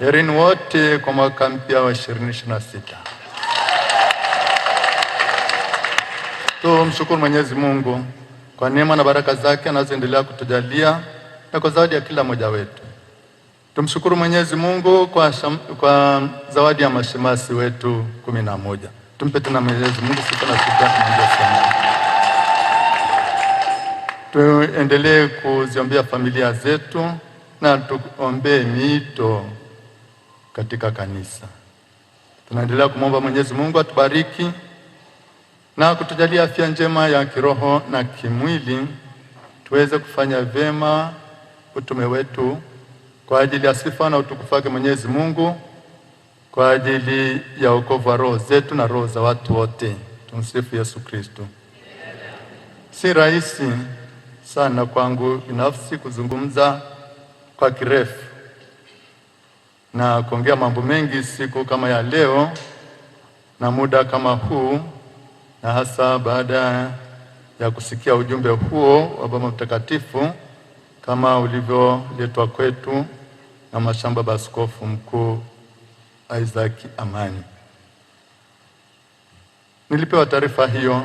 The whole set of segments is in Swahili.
Herini wote kwa mwaka mpya wa 2026. Tumshukuru Mwenyezi Mungu kwa neema na baraka zake anazoendelea kutujalia na kwa zawadi ya kila mmoja wetu. Tumshukuru Mwenyezi Mungu kwa, sham, kwa zawadi ya mashemasi wetu kumi na moja. Tumpe tena Mwenyezi Mungu sifa na shukrani. Tuendelee kuziombea familia zetu na tuombee mito katika kanisa. Tunaendelea kumwomba Mwenyezi Mungu atubariki na kutujalia afya njema ya kiroho na kimwili, tuweze kufanya vyema utume wetu kwa ajili ya sifa na utukufu wake Mwenyezi Mungu, kwa ajili ya wokovu wa roho zetu na roho za watu wote. Tumsifu Yesu Kristo. Si rahisi sana kwangu binafsi kuzungumza kwa kirefu na kuongea mambo mengi siku kama ya leo na muda kama huu, na hasa baada ya kusikia ujumbe huo wa Baba Mtakatifu kama ulivyoletwa kwetu na mashamba Baskofu Mkuu Isaac Amani. Nilipewa taarifa hiyo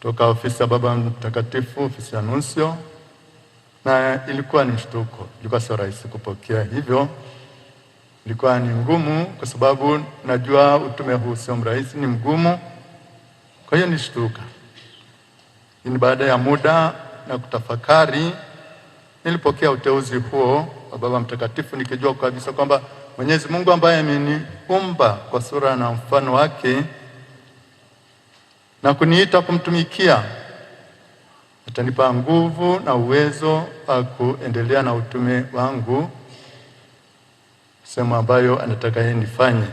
toka ofisi ya Baba Mtakatifu, ofisi ya Nuncio, na ilikuwa ni mshtuko, ilikuwa sio rahisi kupokea hivyo ilikuwa ni ngumu, kwa sababu najua utume huu sio mrahisi, ni mgumu. Kwa hiyo nishtuka. Ni baada ya muda na kutafakari, nilipokea uteuzi huo wa Baba Mtakatifu nikijua kabisa kwamba Mwenyezi Mungu ambaye ameniumba kwa sura na mfano wake na kuniita kumtumikia atanipa nguvu na uwezo wa kuendelea na utume wangu sehemu ambayo anataka yeye nifanye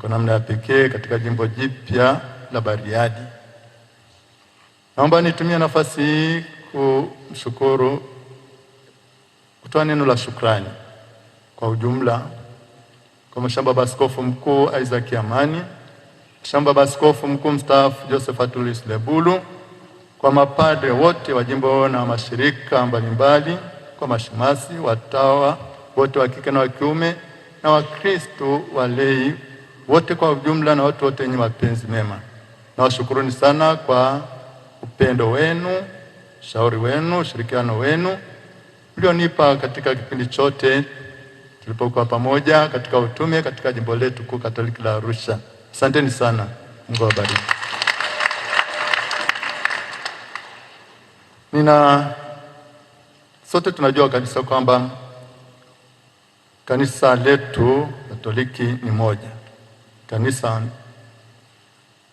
kwa namna ya pekee katika jimbo jipya la Bariadi. Naomba nitumie nafasi hii kumshukuru, kutoa neno la shukrani kwa ujumla kwa mshamba baskofu Mkuu Isaac Amani, mshamba baskofu Mkuu mstaafu Joseph Atulis Lebulu, kwa mapadre wote wa jimbo na mashirika mbalimbali, kwa mashimasi watawa wote wa kike na wa kiume na Wakristo walei wote kwa ujumla na watu wote wenye mapenzi mema. Nawashukuruni sana kwa upendo wenu, ushauri wenu, ushirikiano wenu mlionipa katika kipindi chote tulipokuwa pamoja katika utume katika jimbo letu kuu Katoliki la Arusha. Asanteni sana, Mungu awabariki. Nina sote tunajua kabisa kwamba Kanisa letu Katoliki ni moja, kanisa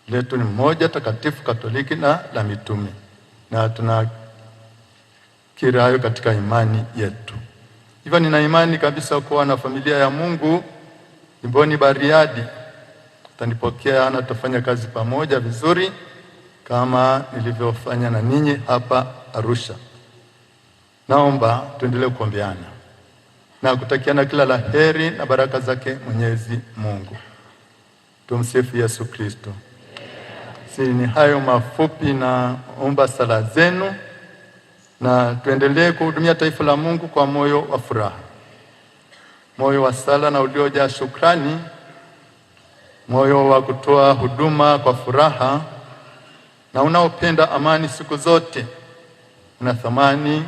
letu ni moja takatifu, Katoliki na la mitume, na tunakiri hayo katika imani yetu. Hivyo nina imani kabisa kuwa na familia ya Mungu jimboni Bariadi tanipokea na tutafanya kazi pamoja vizuri kama nilivyofanya na ninyi hapa Arusha. Naomba tuendelee kuombeana na kutakiana kila la heri na baraka zake Mwenyezi Mungu. Tumsifu Yesu Kristo. Si ni hayo mafupi, omba sala zenu na tuendelee kuhudumia taifa la Mungu kwa moyo wa furaha, moyo wa sala na uliojaa shukrani, moyo wa kutoa huduma kwa furaha na unaopenda amani siku zote. Una thamani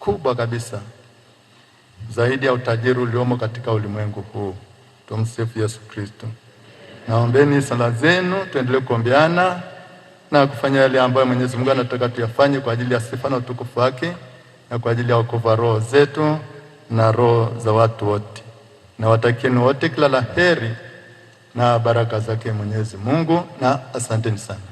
kubwa kabisa zaidi ya utajiri uliomo katika ulimwengu huu. Tumsifu Yesu Kristo. Naombeni sala zenu, tuendelee kuombeana na kufanya yale ambayo Mwenyezi Mungu anataka tuyafanye kwa ajili ya sifa na utukufu wake na kwa ajili ya wokovu wa roho zetu na roho za watu wote. Nawatakieni wote kila la heri na baraka zake Mwenyezi Mungu, na asanteni sana.